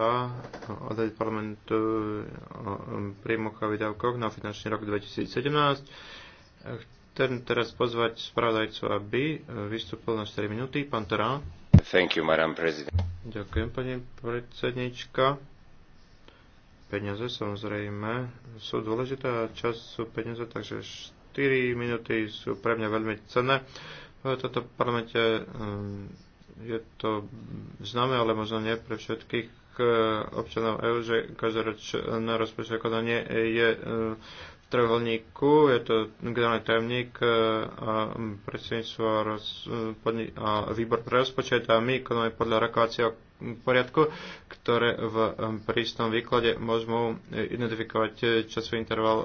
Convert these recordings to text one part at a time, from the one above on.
a odhľadiť parlamentu o príjmoch a výdavkoch na finančný rok 2017. Chcem teraz pozvať spravodajcu, aby vystúpil na 4 minúty. Pán Terán. Thank you, madam president. Ďakujem, pani predsednička. Peniaze samozrejme sú dôležité a čas sú peniaze, takže 4 minúty sú pre mňa veľmi cenné. V tomto parlamente um, je to známe, ale možno nie pre všetkých Eh, občanov EÚ, že každoročné rozpočtové konanie je eh, v trojuholníku, je to generálny tajomník eh, a predsedníctvo a výbor pre rozpočet a my konáme podľa rokovacieho poriadku, ktoré v prísnom výklade môžeme identifikovať časový interval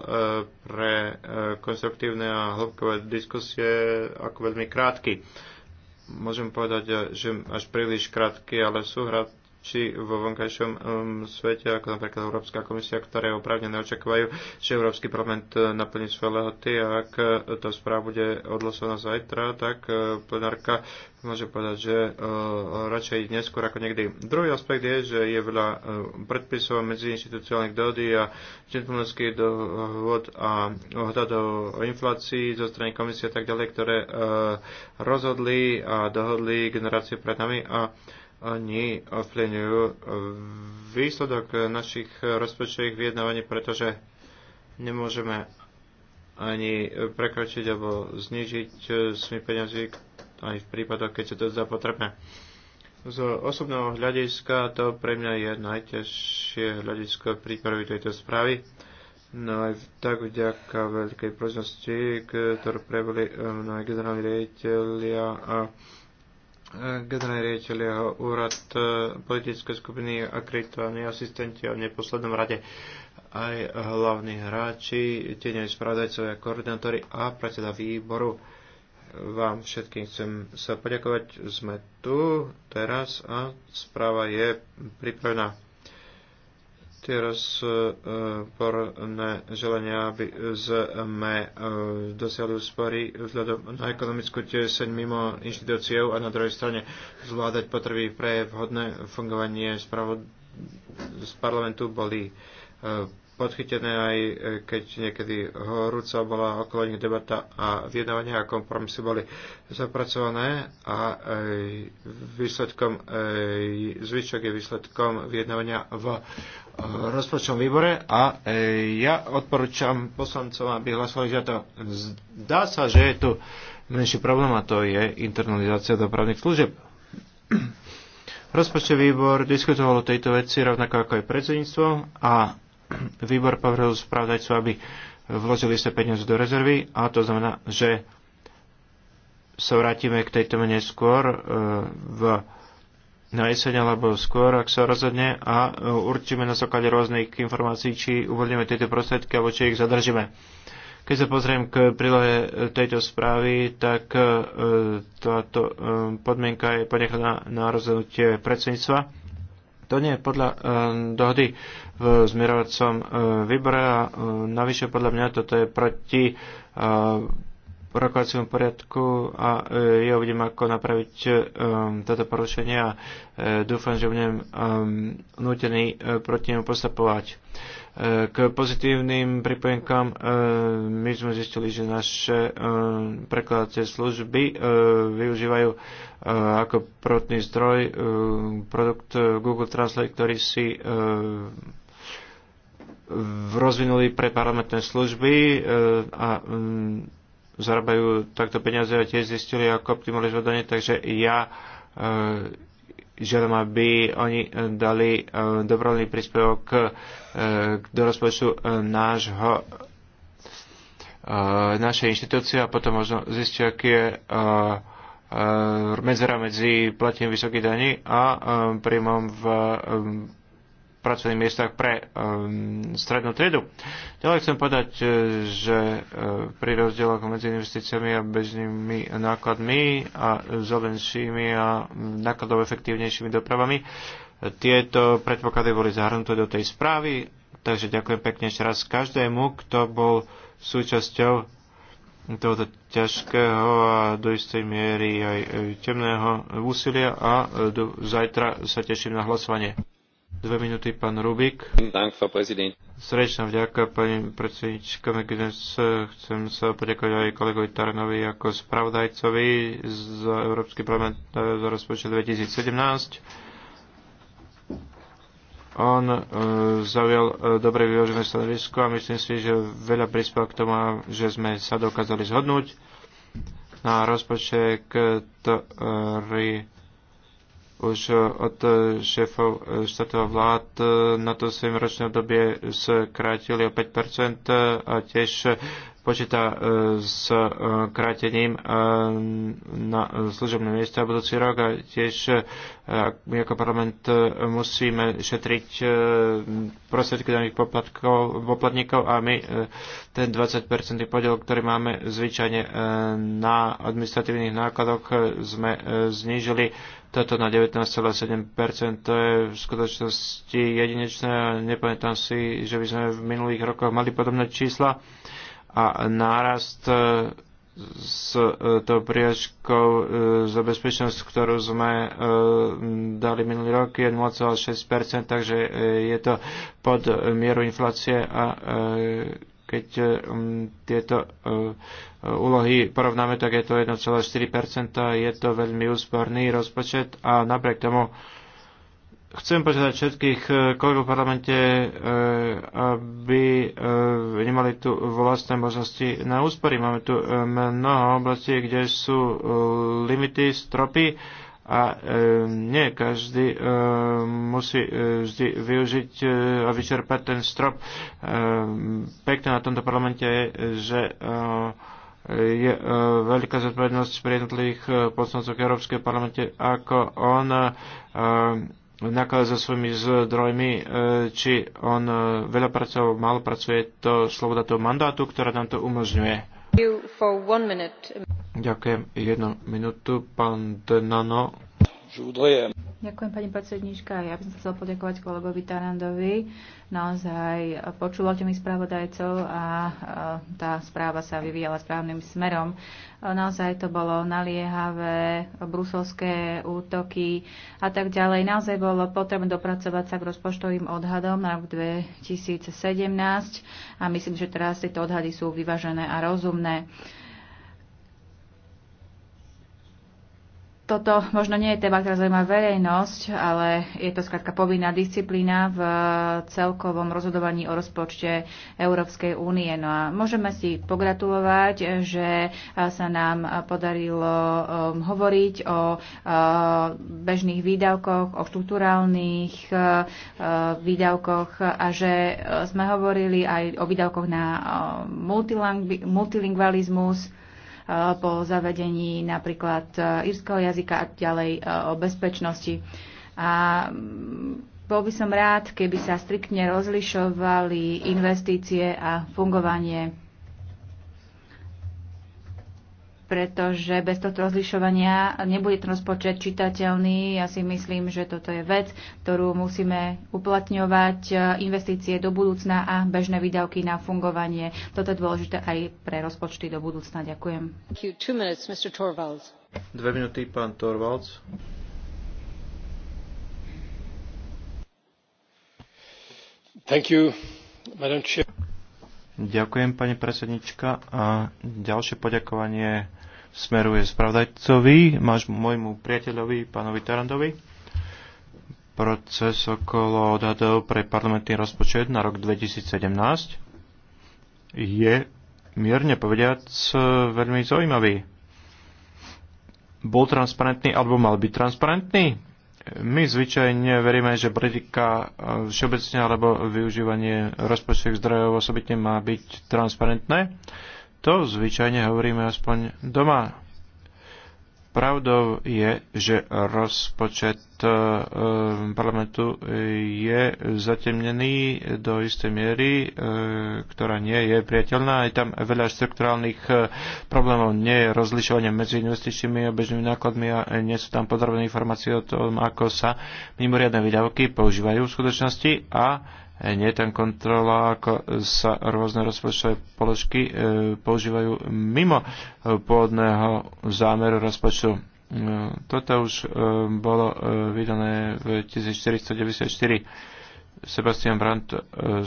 pre konstruktívne a hĺbkové diskusie ako veľmi krátky môžem povedať, že až príliš krátky, ale súhrad či vo vonkajšom um, svete, ako napríklad Európska komisia, ktoré opravne neočakávajú, že Európsky parlament uh, naplní svoje lehoty a ak uh, tá správa bude odlosovaná zajtra, tak uh, plenárka môže povedať, že uh, radšej neskôr ako niekdy. Druhý aspekt je, že je veľa uh, predpisov medzi inštitucionálnych dohody a gentlemanských dohod a ohľadov o inflácii zo strany komisie a tak ďalej, ktoré uh, rozhodli a dohodli generácie pred nami a uh, oni ovplyvňujú výsledok našich rozpočtových vyjednávaní, pretože nemôžeme ani prekročiť alebo znižiť svoje peniazy aj v prípadoch, keď sa to zdá potrebné. Z osobného hľadiska to pre mňa je najťažšie hľadisko prípravy tejto správy. No aj tak vďaka veľkej prožnosti, ktorú prebili eh, mnohí generálni rejiteľia a generálne riaditeľ úrad e, politické skupiny akreditovaní asistenti a v neposlednom rade aj hlavní hráči, tieňoví spravodajcovia, koordinátori a predseda výboru. Vám všetkým chcem sa poďakovať. Sme tu teraz a správa je pripravená tie rozporné želania, aby sme e, dosiahli úspory vzhľadom na ekonomickú tieseň mimo inštitúciou a na druhej strane zvládať potreby pre vhodné fungovanie z parlamentu boli e, podchytené aj e, keď niekedy horúca bola okolo nich debata a vyjednávania a kompromisy boli zapracované a výsledkom, zvyšok je výsledkom vyjednávania v rozpočtovom výbore a e, ja odporúčam poslancom, aby hlasovali že to. Zdá sa, že je tu menší problém a to je internalizácia dopravných služieb. Rozpočtový výbor diskutoval o tejto veci rovnako ako aj predsedníctvo a výbor povedal spravodajcu, aby vložili sa peniaze do rezervy a to znamená, že sa vrátime k tejto neskôr e, v na jeseň alebo skôr, ak sa rozhodne a e, určíme na základe rôznych informácií, či uvoľníme tieto prostriedky alebo či ich zadržíme. Keď sa pozriem k prílohe e, tejto správy, tak e, táto podmienka je ponechaná na rozhodnutie predsedníctva. To nie je podľa dohody v zmierovacom výbore a navyše podľa mňa toto je proti rokovacím poriadku a e, ja uvidím, ako napraviť e, um, toto porušenie a e, dúfam, že budem um, nutený proti nemu postupovať. K pozitívnym e, my sme zistili, že naše prekladacie služby využívajú ako prvotný zdroj produkt Google Translate, ktorý si rozvinuli pre parlamentné služby a zarábajú takto peniaze a tiež zistili, ako optimalizovať dane, takže ja e, želám, aby oni e, dali e, dobrovoľný príspevok do rozpočtu nášho našej inštitúcie a potom možno zistia, aký je medzera medzi platím vysokých daní a príjmom v pracovných miestach pre ehm, strednú triedu. Ďalej chcem povedať, e, že e, pri rozdieloch medzi investíciami a bežnými nákladmi a zelenšími a mm, nákladov efektívnejšími dopravami tieto predpoklady boli zahrnuté do tej správy, takže ďakujem pekne ešte raz každému, kto bol súčasťou tohoto ťažkého a do istej miery aj e, temného úsilia a do, zajtra sa teším na hlasovanie. Dve minúty, pán Rubik. Srdečná vďaka, pani predsednička McGuinness. Chcem sa poďakovať aj kolegovi Tarnovi ako spravodajcovi z Európsky parlament e, za rozpočet 2017. On uh, zaujal uh, dobre vyvážené stanovisko a myslím si, že veľa prispel k tomu, že sme sa dokázali zhodnúť na rozpočet, ktorý už od šéfov eh, štátov vlád eh, na to svojim ročné obdobie skrátili o 5% eh, a tiež počíta e, s e, krátením e, na služobné miesta budúci rok a tiež my ako parlament musíme šetriť prostriedky daných poplatníkov a my ten 20 podiel, ktorý máme zvyčajne na administratívnych nákladoch, sme znížili toto na 19,7%. To je v skutočnosti jedinečné. Nepamätám si, že by sme v minulých rokoch mali podobné čísla a nárast e, s e, tou priažkou e, za bezpečnosť, ktorú sme dali minulý rok, je 0,6%, takže je to pod mieru inflácie a keď tieto úlohy porovnáme, tak je to 1,4%, je to veľmi úsporný rozpočet a napriek tomu Chcem požiadať všetkých e, kolegov v parlamente, e, aby e, nemali tu vlastné možnosti na úspory. Máme tu mnoho oblastí, kde sú limity, stropy a nie každý musí vždy využiť a vyčerpať ten strop. Pekné na tomto parlamente je, že je veľká zodpovednosť pri jednotlivých poslancoch Európskej parlamente, ako on nakladá so svojimi zdrojmi, e, či on e, veľa pracoval, málo pracuje, to sloboda toho mandátu, ktorá nám to umožňuje. Ďakujem. Jednu minútu, pán Denano. Ďakujem, pani predsedníčka. Ja by som sa chcel poďakovať kolegovi Tarandovi. Naozaj eh, počúvate mi spravodajcov a eh, tá správa sa vyvíjala správnym smerom. Eh, naozaj to bolo naliehavé, bruselské útoky a tak ďalej. Naozaj bolo potrebné dopracovať sa k rozpočtovým odhadom na rok 2017 a myslím, že teraz tieto odhady sú vyvážené a rozumné. toto možno nie je téma, ktorá zaujíma verejnosť, ale je to skrátka povinná disciplína v celkovom rozhodovaní o rozpočte Európskej únie. No a môžeme si pogratulovať, že sa nám podarilo um, hovoriť o uh, bežných výdavkoch, o štruktúrálnych uh, výdavkoch a že uh, sme hovorili aj o výdavkoch na multilingualizmus Eh, po zavedení napríklad eh, írskeho jazyka a ďalej eh, o bezpečnosti. A mm, bol by som rád, keby sa striktne rozlišovali investície a fungovanie pretože bez tohto rozlišovania nebude ten rozpočet čitateľný. Ja si myslím, že toto je vec, ktorú musíme uplatňovať, e, investície do budúcna a bežné výdavky na fungovanie. Toto je dôležité aj pre rozpočty do budúcna. Ďakujem. Dve minúty, pán Torvalds. Thank you, Madam Chair. Ďakujem, pani predsednička. A ďalšie poďakovanie smeruje spravdajcovi, máš môjmu priateľovi, pánovi Tarandovi. Proces okolo odhadov pre parlamentný rozpočet na rok 2017 je mierne povediac veľmi zaujímavý. Bol transparentný alebo mal byť transparentný? My zvyčajne veríme, že politika e, všeobecne alebo využívanie rozpočtových zdrojov osobitne má byť transparentné. To zvyčajne hovoríme aspoň doma Pravdou je, že rozpočet e, e, parlamentu je zatemnený do istej miery, e, ktorá nie je priateľná. Je tam veľa štrukturálnych problémov. Nie je rozlišovanie medzi investičnými a bežnými nákladmi a nie sú tam podrobné informácie o tom, ako sa mimoriadne výdavky používajú v skutočnosti a E, nie je tam kontrola, ako sa rôzne rozpočtové položky e, používajú mimo e, pôvodného zámeru rozpočtu. Toto už bolo vydané v 1494. Sebastian Brandt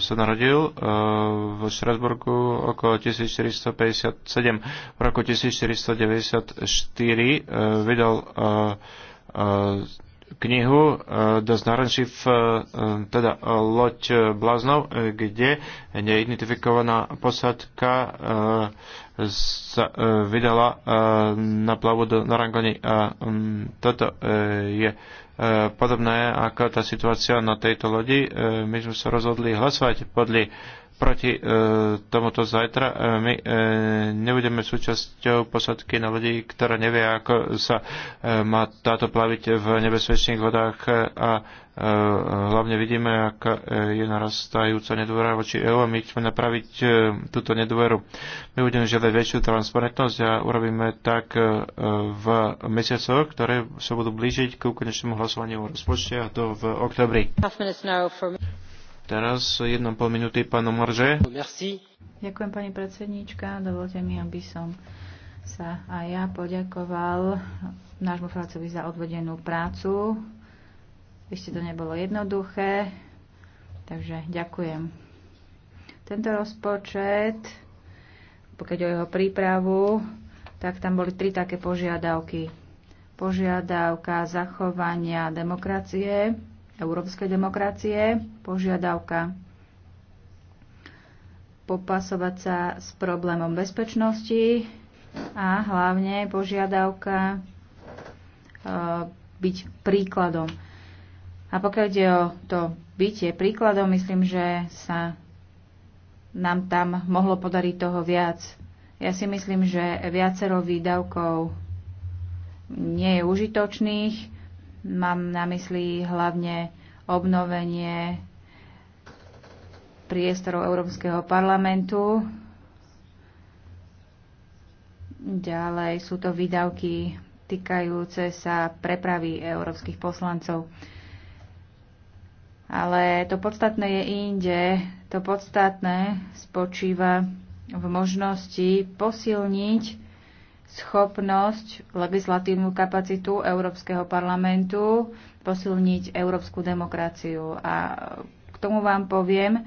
sa narodil v Štrasburgu okolo 1457. V roku 1494 vydal knihu eh, Das náročný uh, eh, eh, teda loď bláznov, kde neidentifikovaná posadka sa vydala na plavu do Narangoni. A mm, toto je podobné ako tá situácia na tejto lodi. My sme sa rozhodli hlasovať podľa proti e, tomuto zajtra. E, my e, nebudeme súčasťou posadky na lodi, ktorá nevie, ako sa e, má táto plaviť v nebezpečných vodách e, a e, hlavne vidíme, aká e, je narastajúca nedôvera voči EU a my chceme napraviť e, túto nedôveru. My budeme želať väčšiu transparentnosť a urobíme tak e, v mesiacoch, ktoré sa budú blížiť ku konečnému hlasovaniu o rozpočte a to v oktobri. Teraz pol minúty pánom Marže. Merci. Ďakujem pani predsedníčka. Dovolte mi, aby som sa aj ja poďakoval nášmu Fracovi za odvedenú prácu. Ešte to nebolo jednoduché, takže ďakujem. Tento rozpočet, pokiaľ o jeho prípravu, tak tam boli tri také požiadavky. Požiadavka zachovania demokracie, európskej demokracie, požiadavka popasovať sa s problémom bezpečnosti a hlavne požiadavka e, byť príkladom. A pokiaľ ide o to bytie príkladom, myslím, že sa nám tam mohlo podariť toho viac. Ja si myslím, že viacero výdavkov nie je užitočných Mám na mysli hlavne obnovenie priestorov Európskeho parlamentu. Ďalej sú to výdavky týkajúce sa prepravy európskych poslancov. Ale to podstatné je inde. To podstatné spočíva v možnosti posilniť schopnosť, legislatívnu kapacitu Európskeho parlamentu posilniť európsku demokraciu. A k tomu vám poviem,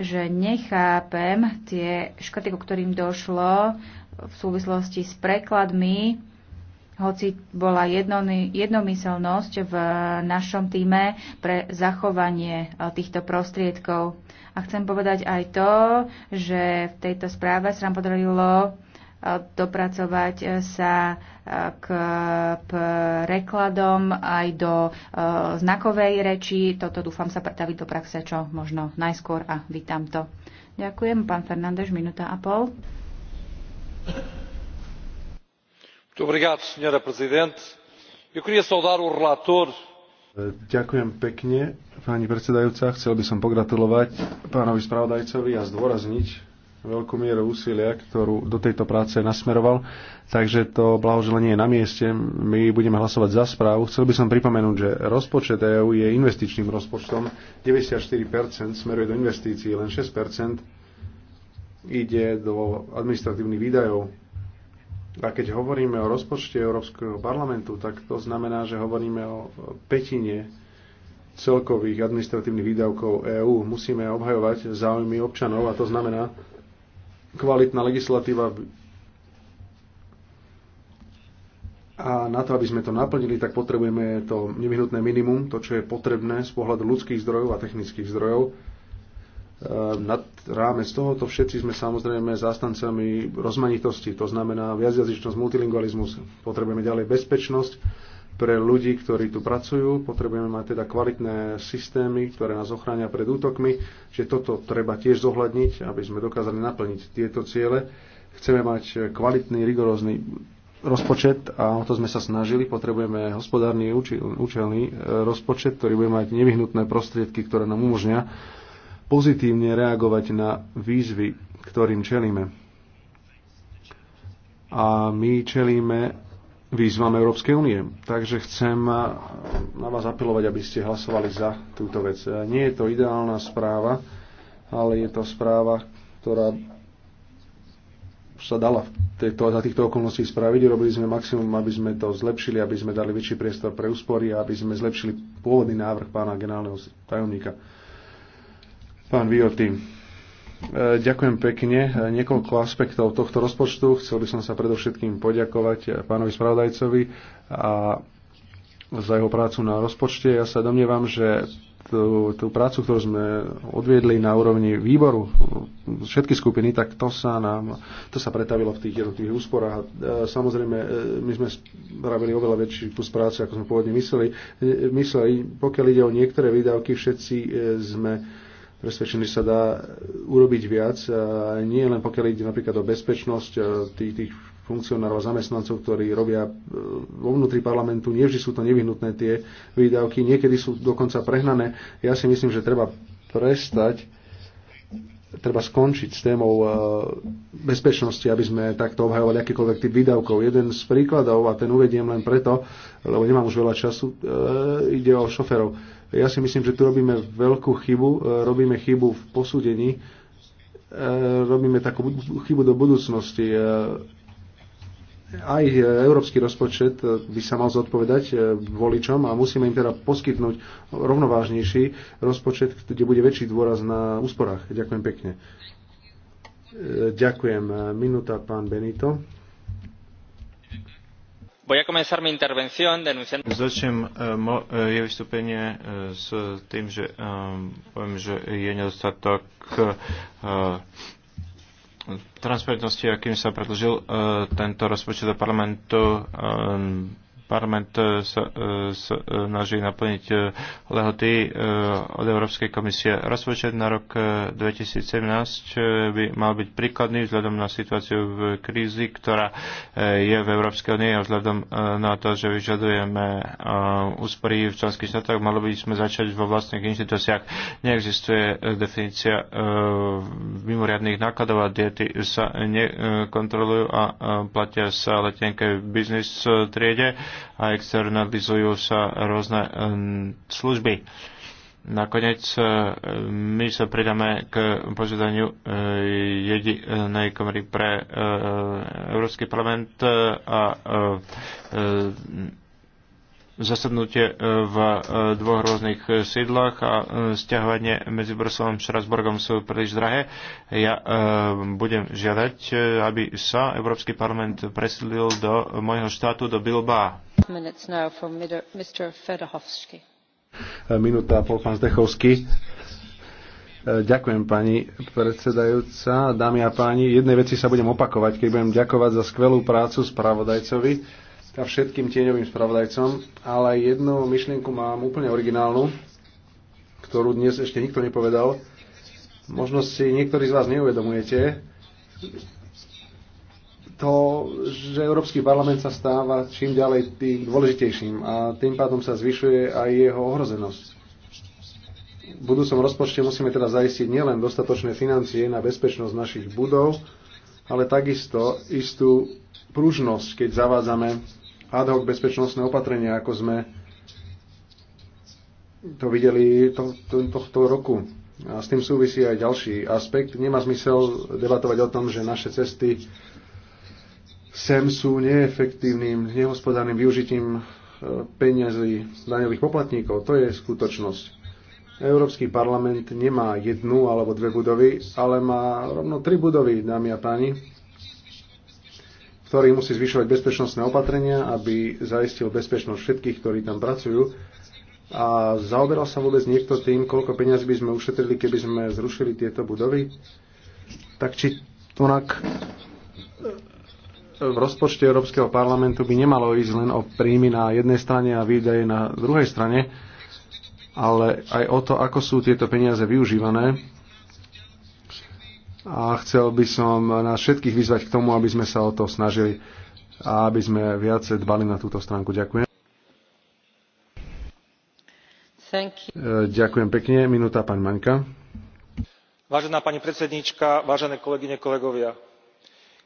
že nechápem tie škrty, ku ktorým došlo v súvislosti s prekladmi, hoci bola jednomyselnosť v našom týme pre zachovanie e, týchto prostriedkov. A chcem povedať aj to, že v tejto správe sa nám podarilo dopracovať eh, sa eh, k prekladom aj do eh, znakovej reči. Toto dúfam sa pretaviť do praxe čo možno najskôr a vítam to. Ďakujem. Pán Fernández, minúta a pol. Ďakujem pekne, pani predsedajúca. Chcel by som pogratulovať pánovi spravodajcovi a zdôrazniť veľkú mieru úsilia, ktorú do tejto práce nasmeroval. Takže to blahoželenie je na mieste. My budeme hlasovať za správu. Chcel by som pripomenúť, že rozpočet EÚ je investičným rozpočtom. 94% smeruje do investícií, len 6% ide do administratívnych výdajov. A keď hovoríme o rozpočte Európskeho parlamentu, tak to znamená, že hovoríme o petine celkových administratívnych výdavkov EÚ. Musíme obhajovať záujmy občanov a to znamená, kvalitná legislatíva a na to, aby sme to naplnili, tak potrebujeme to nevyhnutné minimum, to, čo je potrebné z pohľadu ľudských zdrojov a technických zdrojov. Ehm, nad rámec tohoto všetci sme samozrejme zástancami rozmanitosti, to znamená viacjazyčnosť, multilingualizmus, potrebujeme ďalej bezpečnosť pre ľudí, ktorí tu pracujú. Potrebujeme mať teda kvalitné systémy, ktoré nás ochránia pred útokmi. Čiže toto treba tiež zohľadniť, aby sme dokázali naplniť tieto ciele. Chceme mať kvalitný, rigorózny rozpočet a o to sme sa snažili. Potrebujeme hospodárny, účelný e, rozpočet, ktorý bude mať nevyhnutné prostriedky, ktoré nám umožňa pozitívne reagovať na výzvy, ktorým čelíme. A my čelíme výzvam Európskej únie. Takže chcem na vás apelovať, aby ste hlasovali za túto vec. Nie je to ideálna správa, ale je to správa, ktorá sa dala v tejto, za týchto okolností spraviť. Robili sme maximum, aby sme to zlepšili, aby sme dali väčší priestor pre úspory a aby sme zlepšili pôvodný návrh pána generálneho tajomníka. Pán Vioty, E, ďakujem pekne. E, niekoľko aspektov tohto rozpočtu. Chcel by som sa predovšetkým poďakovať e, pánovi spravodajcovi a za jeho prácu na rozpočte. Ja sa domnievam, že tú, tú prácu, ktorú sme odviedli na úrovni výboru, všetky skupiny, tak to sa nám, to sa pretavilo v tých jednotlivých úsporách. Samozrejme, my sme spravili oveľa väčší kus práce, ako sme pôvodne mysleli. mysleli. Pokiaľ ide o niektoré výdavky, všetci sme presvedčený, že sa dá eh, urobiť viac. Eh, a nie len pokiaľ ide napríklad o bezpečnosť eh, tých, tých funkcionárov a zamestnancov, ktorí robia vo vnútri parlamentu, nevždy sú to nevyhnutné tie výdavky, niekedy sú dokonca prehnané. Ja si myslím, že treba prestať treba skončiť s témou bezpečnosti, aby sme takto obhajovali akýkoľvek typ výdavkov. Jeden z príkladov, a ten uvediem len preto, lebo nemám už veľa času, ide o šoferov ja si myslím, že tu robíme veľkú chybu, e, robíme chybu v posúdení, e, robíme takú chybu do budúcnosti. E, aj európsky rozpočet by sa mal zodpovedať voličom a musíme im teda poskytnúť rovnovážnejší rozpočet, kde bude väčší dôraz na úsporách. Ďakujem pekne. Ďakujem. Minúta, pán Benito. Začnem eh, moje eh, vystúpenie eh, s tým, že poviem, že je nedostatok transparentnosti, akým sa predložil tento rozpočet do parlamentu Parlament e, sa e, e, snaží naplniť lehoty od Európskej komisie. Rozpočet na rok 2017 by mal byť príkladný vzhľadom na situáciu v krízi, ktorá je v Európskej unii a vzhľadom na to, že vyžadujeme úspory v členských štátoch, malo by sme začať vo vlastných inštitúciách. Neexistuje definícia mimoriadných nákladov a diety sa nekontrolujú a platia sa letenke v biznis triede a externalizujú sa rôzne služby. Nakoniec my sa pridáme k požiadaniu jedinej komory pre Európsky parlament a zasadnutie v dvoch rôznych sídlach a stiahovanie medzi Bruselom a Štrasburgom sú príliš drahé. Ja budem žiadať, aby sa Európsky parlament presídlil do môjho štátu, do Bilbao. Eh, minúta a pol, pán Zdechovský. Eh, ďakujem, pani predsedajúca. Dámy a páni, jednej veci sa budem opakovať, keď budem ďakovať za skvelú prácu spravodajcovi a všetkým tieňovým spravodajcom, ale jednu myšlienku mám úplne originálnu, ktorú dnes ešte nikto nepovedal. Možno si niektorí z vás neuvedomujete, to, že Európsky parlament sa stáva čím ďalej tým dôležitejším a tým pádom sa zvyšuje aj jeho ohrozenosť. V budúcom rozpočte musíme teda zaistiť nielen dostatočné financie na bezpečnosť našich budov, ale takisto istú pružnosť, keď zavádzame ad hoc bezpečnostné opatrenia, ako sme to videli to, to, tohto roku. A s tým súvisí aj ďalší aspekt. Nemá zmysel debatovať o tom, že naše cesty sem sú neefektívnym, nehospodárnym využitím e, peniazy daňových poplatníkov. To je skutočnosť. Európsky parlament nemá jednu alebo dve budovy, ale má rovno tri budovy, dámy a páni, ktorý musí zvyšovať bezpečnostné opatrenia, aby zaistil bezpečnosť všetkých, ktorí tam pracujú. A zaoberal sa vôbec niekto tým, koľko peniazy by sme ušetrili, keby sme zrušili tieto budovy? Tak či onak v rozpočte Európskeho parlamentu by nemalo ísť len o príjmy na jednej strane a výdaje na druhej strane, ale aj o to, ako sú tieto peniaze využívané. A chcel by som nás všetkých vyzvať k tomu, aby sme sa o to snažili a aby sme viacej dbali na túto stránku. Ďakujem. E, ďakujem pekne. Minúta, pán Maňka. Vážená pani predsednička, vážené kolegyne, kolegovia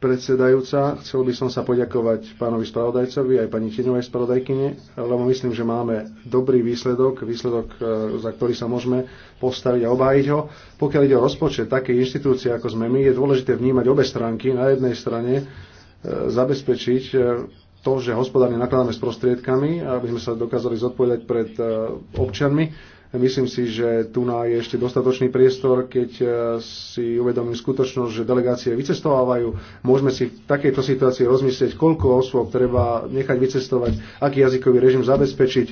predsedajúca. Chcel by som sa poďakovať pánovi spravodajcovi aj pani Tieňovej spravodajkyne, lebo myslím, že máme dobrý výsledok, výsledok, e, za ktorý sa môžeme postaviť a obhájiť ho. Pokiaľ ide o rozpočet takej inštitúcie, ako sme my, je dôležité vnímať obe stránky. Na jednej strane e, zabezpečiť e, to, že hospodárne nakladáme s prostriedkami, aby sme sa dokázali zodpovedať pred občanmi Myslím si, že tu na je ešte dostatočný priestor, keď eh, si uvedomím skutočnosť, že delegácie vycestovávajú. Môžeme si v takejto situácii rozmyslieť, koľko osôb treba nechať vycestovať, aký jazykový režim zabezpečiť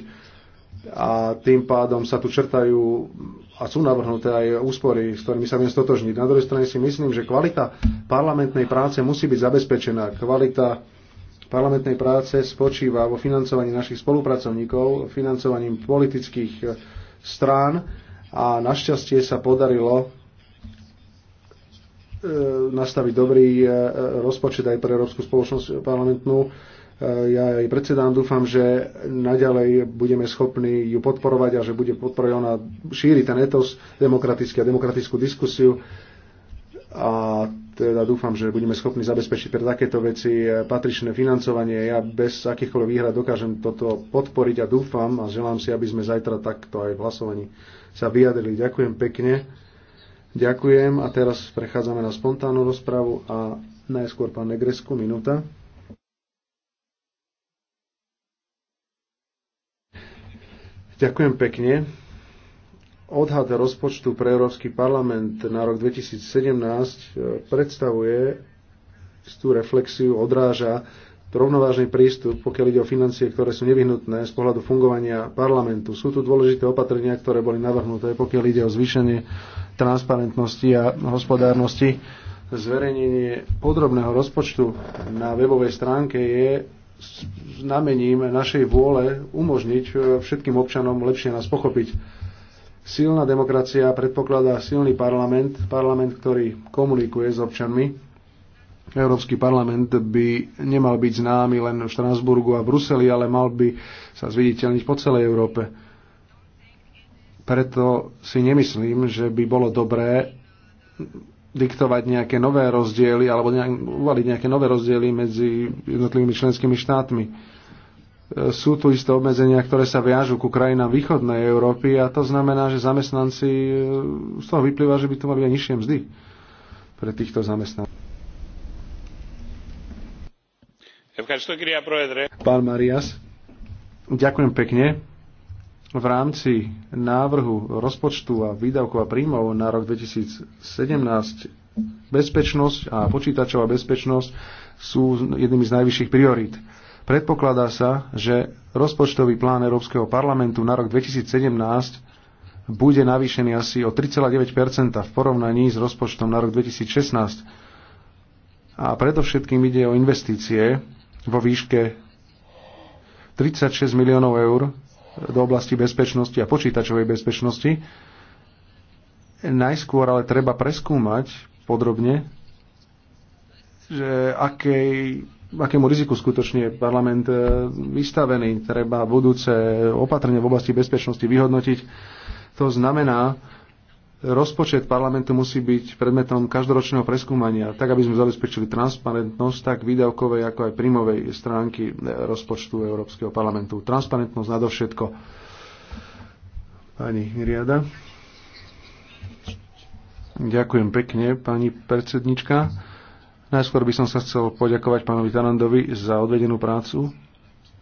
a tým pádom sa tu črtajú a sú navrhnuté aj úspory, s ktorými sa viem stotožniť. Na druhej strane si myslím, že kvalita parlamentnej práce musí byť zabezpečená. Kvalita parlamentnej práce spočíva vo financovaní našich spolupracovníkov, financovaním politických eh, strán a našťastie sa podarilo e, nastaviť dobrý e, rozpočet aj pre Európsku spoločnosť parlamentnú. E, ja jej predsedám, dúfam, že naďalej budeme schopní ju podporovať a že bude podporovať ona šíri ten etos demokratický a demokratickú diskusiu a teda dúfam, že budeme schopní zabezpečiť pre takéto veci patričné financovanie. Ja bez akýchkoľvek výhrad dokážem toto podporiť a dúfam a želám si, aby sme zajtra takto aj v hlasovaní sa vyjadrili. Ďakujem pekne. Ďakujem a teraz prechádzame na spontánnu rozpravu a najskôr pán Negresku, minúta. Ďakujem pekne. Odhad rozpočtu pre Európsky parlament na rok 2017 e, predstavuje tú reflexiu, odráža rovnovážny prístup, pokiaľ ide o financie, ktoré sú nevyhnutné z pohľadu fungovania parlamentu. Sú tu dôležité opatrenia, ktoré boli navrhnuté, pokiaľ ide o zvýšenie transparentnosti a hospodárnosti. Zverejnenie podrobného rozpočtu na webovej stránke je znamením našej vôle umožniť e, všetkým občanom lepšie nás pochopiť Silná demokracia predpokladá silný parlament, parlament, ktorý komunikuje s občanmi. Európsky parlament by nemal byť známy len v Štrasburgu a Bruseli, ale mal by sa zviditeľniť po celej Európe. Preto si nemyslím, že by bolo dobré diktovať nejaké nové rozdiely alebo nejak, uvaliť nejaké nové rozdiely medzi jednotlivými členskými štátmi E, sú tu isté obmedzenia, ktoré sa viažú ku krajinám východnej Európy a to znamená, že zamestnanci e, z toho vyplýva, že by tu mali aj nižšie mzdy pre týchto zamestnancov. Pán Marias, ďakujem pekne. V rámci návrhu rozpočtu a výdavkov a príjmov na rok 2017 bezpečnosť a počítačová bezpečnosť sú jednými z najvyšších priorít Predpokladá sa, že rozpočtový plán Európskeho parlamentu na rok 2017 bude navýšený asi o 3,9 v porovnaní s rozpočtom na rok 2016. A predovšetkým ide o investície vo výške 36 miliónov eur do oblasti bezpečnosti a počítačovej bezpečnosti. Najskôr ale treba preskúmať podrobne, že akej akému riziku skutočne je parlament e, vystavený. Treba budúce opatrenie v oblasti bezpečnosti vyhodnotiť. To znamená, rozpočet parlamentu musí byť predmetom každoročného preskúmania, tak aby sme zabezpečili transparentnosť tak výdavkovej, ako aj príjmovej stránky e, rozpočtu Európskeho parlamentu. Transparentnosť nadovšetko. Pani Riada. Ďakujem pekne, pani predsednička. Najskôr by som sa chcel poďakovať pánovi Tanandovi za odvedenú prácu.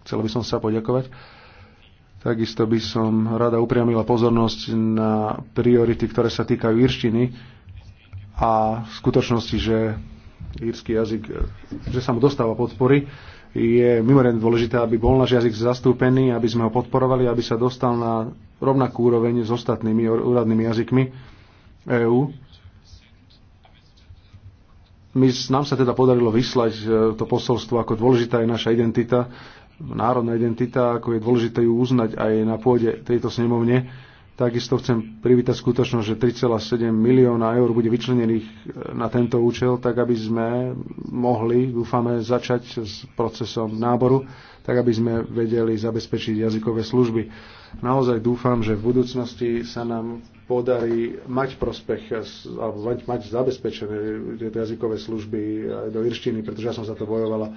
Chcel by som sa poďakovať. Takisto by som rada upriamila pozornosť na priority, ktoré sa týkajú írštiny a v skutočnosti, že írsky jazyk, že sa mu dostáva podpory, je mimoriadne dôležité, aby bol náš jazyk zastúpený, aby sme ho podporovali, aby sa dostal na rovnakú úroveň s ostatnými úradnými jazykmi EÚ my, nám sa teda podarilo vyslať e, to posolstvo, ako dôležitá je naša identita, národná identita, ako je dôležité ju uznať aj na pôde tejto snemovne Takisto chcem privítať skutočnosť, že 3,7 milióna eur bude vyčlenených e, na tento účel, tak aby sme mohli, dúfame, začať s procesom náboru, tak aby sme vedeli zabezpečiť jazykové služby. Naozaj dúfam, že v budúcnosti sa nám podarí mať prospech alebo mať, zabezpečené tieto jazykové služby aj do irštiny, pretože ja som za to bojovala.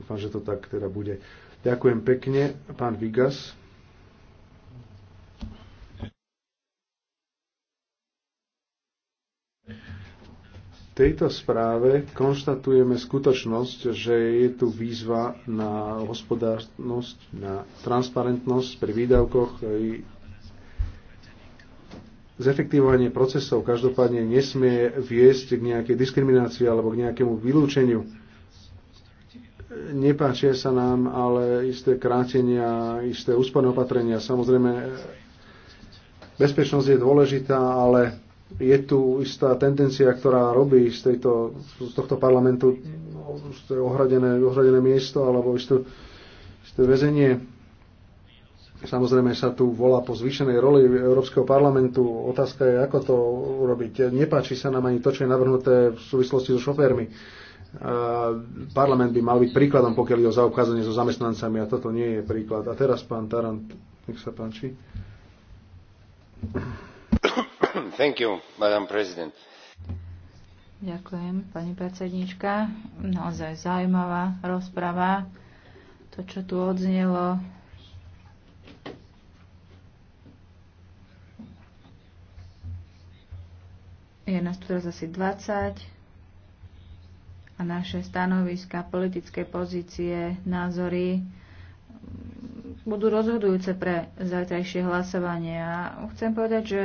Dúfam, že to tak teda bude. Ďakujem pekne, pán Vigas. tejto správe konštatujeme skutočnosť, že je tu výzva na hospodárnosť, na transparentnosť pri výdavkoch. Zefektívovanie procesov každopádne nesmie viesť k nejakej diskriminácii alebo k nejakému vylúčeniu. Nepáčia sa nám ale isté krátenia, isté úsporné opatrenia. Samozrejme, bezpečnosť je dôležitá, ale je tu istá tendencia, ktorá robí z, tejto, z tohto parlamentu no, ohradené, ohradené miesto alebo isté isté väzenie. Samozrejme sa tu volá po zvýšenej roli Európskeho parlamentu. Otázka je, ako to urobiť. Nepáči sa nám ani to, čo je navrhnuté v súvislosti so šoférmi. Parlament by mal byť príkladom, pokiaľ ide o zaukázanie so zamestnancami a toto nie je príklad. A teraz pán Tarant, nech sa páči. Ďakujem, pani predsednička. Naozaj zaujímavá rozprava. To, čo tu odznelo, je nás tu teraz asi 20 a naše stanoviska, politické pozície, názory budú rozhodujúce pre zajtrajšie hlasovanie. A chcem povedať, že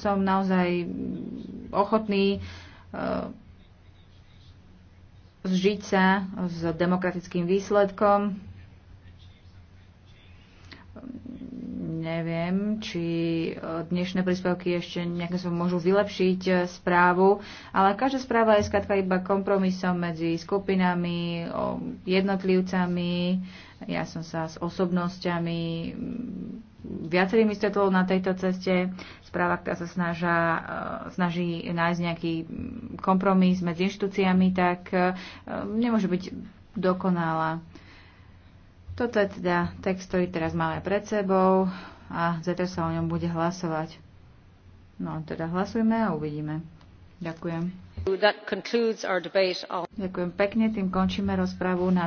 som naozaj ochotný e, zžiť sa s demokratickým výsledkom. Neviem, či e, dnešné príspevky ešte nejakým som môžu vylepšiť e, správu, ale každá správa je skratka iba kompromisom medzi skupinami, jednotlivcami, ja som sa s osobnosťami mm, viacerými stretol na tejto ceste. Správa, ktorá sa snažia, e, snaží nájsť nejaký mm, kompromis medzi inštitúciami, tak e, nemôže byť dokonalá. Toto je teda text, ktorý teraz máme pred sebou a zajtra sa o ňom bude hlasovať. No, teda hlasujme a uvidíme. Ďakujem. Ďakujem pekne, tým končíme rozpravu na